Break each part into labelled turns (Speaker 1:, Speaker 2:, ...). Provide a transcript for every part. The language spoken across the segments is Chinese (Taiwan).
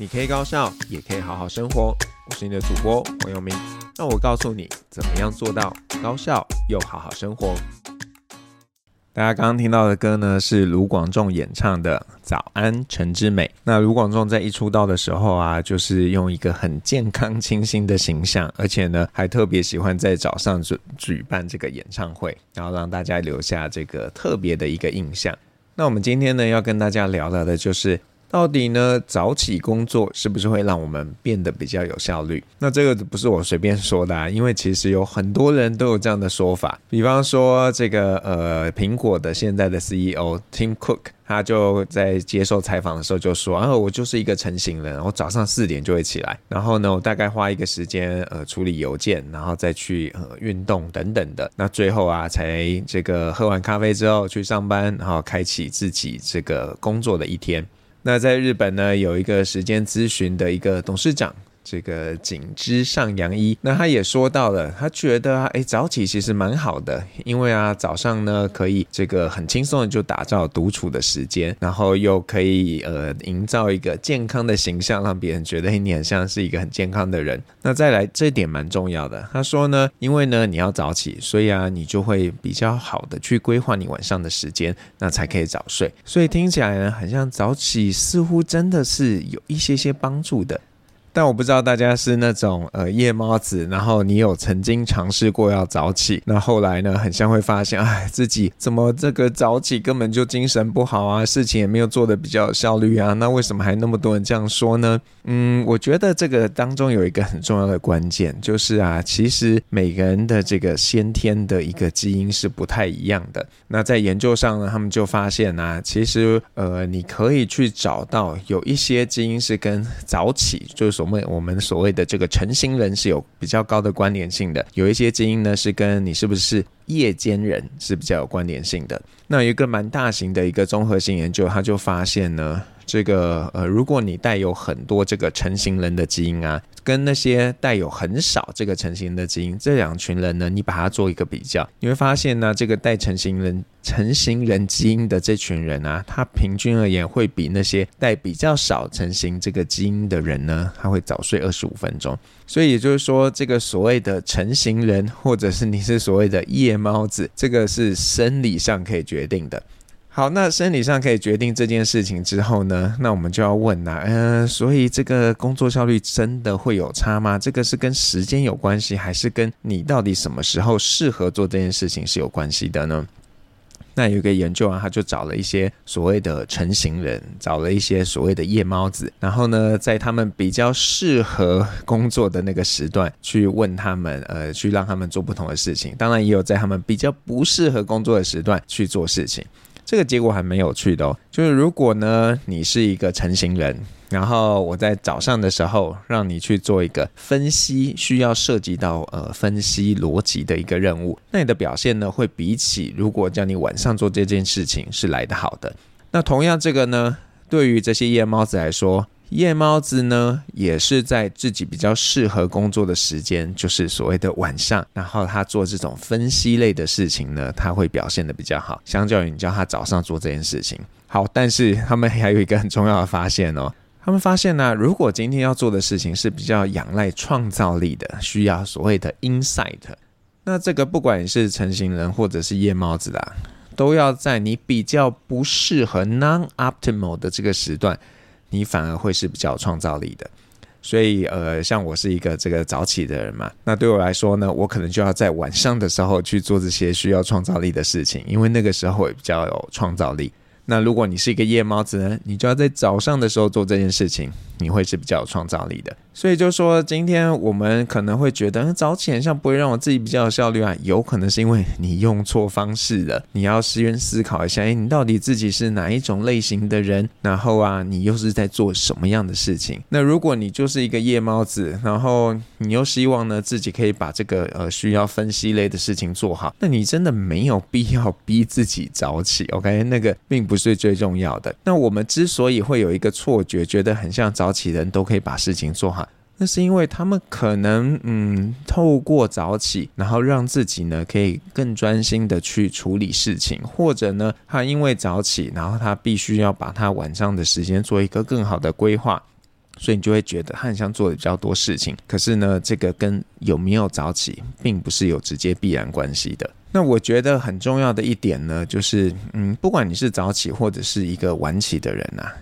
Speaker 1: 你可以高效，也可以好好生活。我是你的主播黃友明，那我告訴你怎麼樣做到高效又好好生活。大家剛剛聽到的歌呢，是盧廣仲演唱的《早安晨之美》。那盧廣仲在一出道的時候啊，就是用一個很健康、清新的形象，而且呢，還特別喜歡在早上舉舉辦這個演唱會，然後讓大家留下這個特別的一個印象。那我們今天呢，要跟大家聊聊的就是。到底呢，早起工作是不是會讓我們變得比較有效率？那這個不是我隨便說的。啊，因為其實有很多人都有這樣的說法。比方說，這個呃，蘋果的現在的 CEO Tim Cook，他就在接受採訪的時候就說：“啊，我就是一個晨型人，我早上四點就會起來，然後呢，我大概花一個時間呃處理郵件，然後再去呃運動等等的。那最後啊，才這個喝完咖啡之後去上班，然後開啟自己這個工作的一天。”那在日本呢，有一個時間諮詢的一個董事長。這個緊之上洋一，那他也說到了，他覺得啊，哎、欸，早起其實蠻好的，因為啊，早上呢可以這個很輕鬆的就打造獨處的時間，然後又可以呃營造一個健康的形象，讓別人覺得你很像是一個很健康的人。那再來這點蠻重要的，他說呢，因為呢你要早起，所以啊你就會比較好的去規劃你晚上的時間，那才可以早睡。所以聽起來呢，好像早起似乎真的是有一些些幫助的。但我不知道大家是那種呃夜貓子，然後你有曾經嘗試過要早起，那後來呢，很像會發現，哎，自己怎麼這個早起根本就精神不好啊，事情也沒有做得比較有效率啊，那為什麼還那麼多人這樣說呢？嗯，我覺得這個當中有一個很重要的關鍵，就是啊，其實每個人的這個先天的一個基因是不太一樣的。那在研究上呢，他們就發現呢、啊，其實呃，你可以去找到有一些基因是跟早起就是。所謂我們所謂的這個晨型人，是有比較高的關聯性的，有一些基因呢，是跟你是不是夜間人是比較有關聯性的。那有一個蠻大型的一個綜合性研究，他就發現呢，這個呃，如果你帶有很多這個晨型人的基因啊，跟那些帶有很少這個晨型的基因，這兩群人呢，你把它做一個比較，你會發現呢、啊，這個帶晨型人晨型人基因的這群人啊，他平均而言會比那些帶比較少晨型這個基因的人呢，他會早睡二十五分鐘。所以也就是說，這個所謂的晨型人，或者是你是所謂的夜貓子，這個是生理上可以決定的。好，那生理上可以決定這件事情之後呢，那我們就要問啊，嗯、呃，所以這個工作效率真的會有差嗎？這個是跟時間有關係，還是跟你到底什麼時候適合做這件事情是有關係的呢？那有一個研究啊，他就找了一些所謂的晨型人，找了一些所謂的夜貓子，然後呢，在他們比較適合工作的那個時段去問他們，呃，去讓他們做不同的事情。當然，也有在他們比較不適合工作的時段去做事情。這個結果還蠻有趣的哦，就是如果呢，你是一個晨型人，然後我在早上的時候讓你去做一個分析，需要涉及到呃分析邏輯的一個任務，那你的表現呢，會比起如果叫你晚上做這件事情是來得好的。那同樣這個呢，對於這些夜貓子來說。夜貓子呢，也是在自己比較適合工作的時間，就是所謂的晚上。然後他做這種分析類的事情呢，他會表現的比較好，相較於你叫他早上做這件事情。好，但是他們還有一個很重要的發現哦、喔，他們發現呢、啊，如果今天要做的事情是比較仰賴創造力的，需要所謂的 insight，那這個不管你是晨型人或者是夜貓子啦，都要在你比較不適合 non optimal 的這個時段。你反而會是比較有創造力的，所以呃，像我是一個這個早起的人嘛，那對我來說呢，我可能就要在晚上的時候去做這些需要創造力的事情，因為那個時候也比較有創造力。那如果你是一個夜貓子呢，你就要在早上的時候做這件事情。你會是比較有創造力的，所以就說今天我們可能會覺得早起很像不會讓我自己比較有效率啊，有可能是因為你用錯方式了。你要先思考一下，哎，你到底自己是哪一種類型的人，然後啊，你又是在做什麼樣的事情？那如果你就是一個夜貓子，然後你又希望呢自己可以把這個呃需要分析類的事情做好，那你真的沒有必要逼自己早起。OK，那個並不是最重要的。那我們之所以會有一個錯覺，覺得很像早。早起人都可以把事情做好，那是因為他們可能嗯，透過早起，然後讓自己呢可以更專心的去處理事情，或者呢，他因為早起，然後他必須要把他晚上的時間做一個更好的規劃，所以你就會覺得他很像做的比較多事情。可是呢，這個跟有沒有早起並不是有直接必然關係的。那我覺得很重要的一點呢，就是嗯，不管你是早起或者是一個晚起的人啊。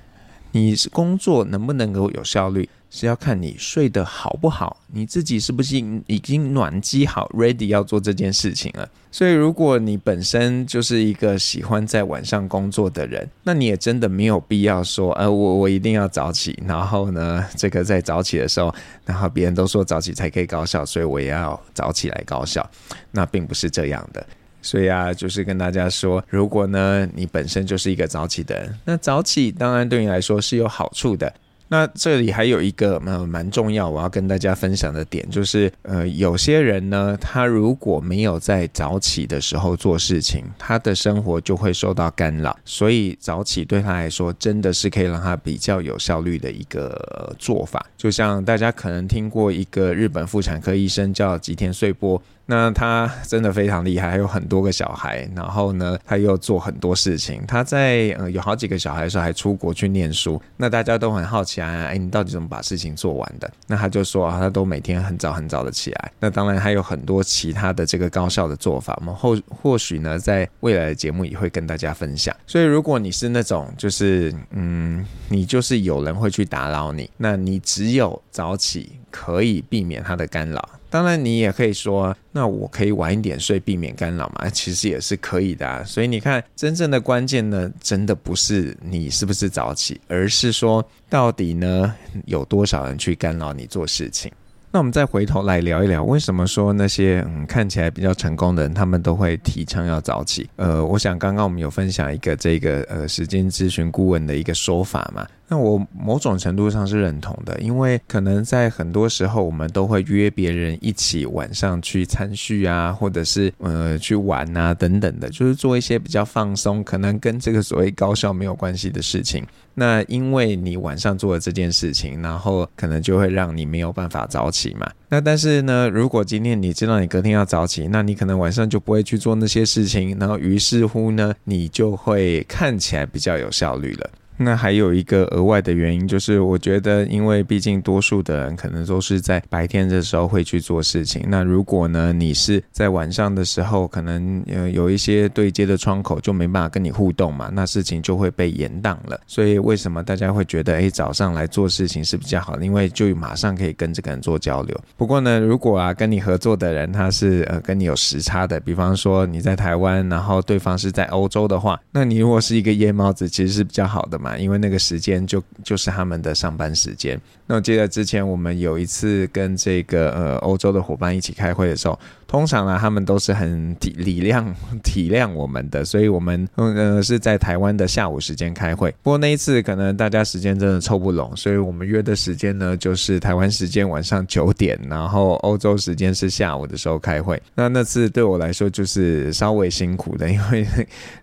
Speaker 1: 你是工作能不能夠有效率，是要看你睡得好不好，你自己是不是已經暖機好，ready 要做這件事情了。所以，如果你本身就是一個喜歡在晚上工作的人，那你也真的沒有必要說，呃，我我一定要早起，然後呢，這個在早起的時候，然後別人都說早起才可以高效，所以我也要早起來高效，那並不是這樣的。所以啊，就是跟大家說，如果呢你本身就是一個早起的人，那早起當然對你來說是有好處的。那這裡還有一個蠻蠻、呃、重要，我要跟大家分享的點，就是呃有些人呢，他如果沒有在早起的時候做事情，他的生活就會受到干擾。所以早起對他來說真的是可以讓他比較有效率的一個做法。就像大家可能聽過一個日本婦產科醫生叫吉田穗波。那他真的非常厲害，還有很多個小孩，然後呢，他又做很多事情。他在呃，有好幾個小孩的時候，還出國去念書。那大家都很好奇啊，哎、欸，你到底怎麼把事情做完的？那他就說啊，他都每天很早很早的起來。那當然還有很多其他的這個高效的做法嘛。或或許呢，在未來的節目也會跟大家分享。所以，如果你是那種就是嗯，你就是有人會去打擾你，那你只有早起可以避免他的干擾。當然，你也可以說啊，那我可以晚一點睡，避免干擾嘛，其實也是可以的啊。所以你看，真正的關鍵呢，真的不是你是不是早起，而是說到底呢，有多少人去干擾你做事情。那我們再回頭來聊一聊，為什麼說那些，嗯，看起來比較成功的人，他們都會提倡要早起？呃，我想剛剛我們有分享一個這個，呃，時間諮詢顧問的一個說法嘛。那我某種程度上是認同的，因為可能在很多時候，我們都會約別人一起晚上去餐敘啊，或者是呃去玩啊等等的，就是做一些比較放鬆，可能跟這個所謂高效沒有關係的事情。那因為你晚上做了這件事情，然後可能就會讓你沒有辦法早起嘛。那但是呢，如果今天你知道你隔天要早起，那你可能晚上就不會去做那些事情，然後於是乎呢，你就會看起來比較有效率了。那還有一個額外的原因，就是我覺得，因為畢竟多數的人可能都是在白天的時候會去做事情。那如果呢，你是在晚上的時候，可能呃有一些對接的窗口就沒辦法跟你互動嘛，那事情就會被延宕了。所以為什麼大家會覺得，哎，早上來做事情是比較好的，因為就馬上可以跟這個人做交流。不過呢，如果啊跟你合作的人他是呃跟你有時差的，比方說你在台灣，然後對方是在歐洲的話，那你如果是一個夜貓子，其實是比較好的嘛。啊，因為那個時間就就是他們的上班時間。那我記得之前我們有一次跟這個呃歐洲的夥伴一起開會的時候，通常呢、啊、他們都是很體力量體諒體諒我們的，所以我們呃是在台灣的下午時間開會。不過那一次可能大家時間真的湊不攏，所以我們約的時間呢就是台灣時間晚上九點，然後歐洲時間是下午的時候開會。那那次對我來說就是稍微辛苦的，因為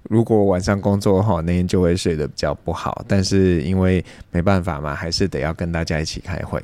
Speaker 1: 如果晚上工作的話，那天就會睡得比較不好。但是因為沒辦法嘛，還是得要跟大家一起開會。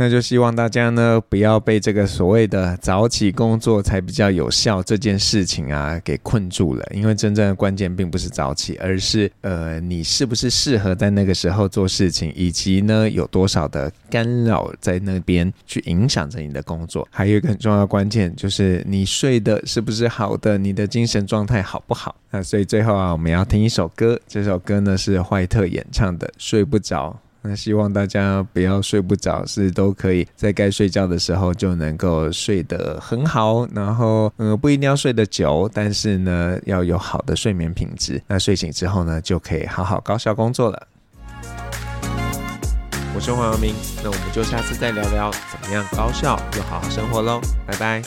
Speaker 1: 那就希望大家呢，不要被這個所謂的早起工作才比較有效這件事情啊，給困住了。因為真正的關鍵並不是早起，而是呃，你是不是適合在那個時候做事情，以及呢，有多少的干擾在那邊去影響着你的工作。還有一個很重要關鍵就是你睡得是不是好的，你的精神狀態好不好？那所以最後啊，我們要聽一首歌，這首歌呢是壞特演唱的《睡不着》。那希望大家不要睡不着，是都可以在該睡覺的時候就能夠睡得很好。然後，嗯、呃，不一定要睡得久，但是呢，要有好的睡眠品質。那睡醒之後呢，就可以好好高效工作了。我是黃耀明，那我們就下次再聊聊怎麼樣高效又好好生活嘍。拜拜。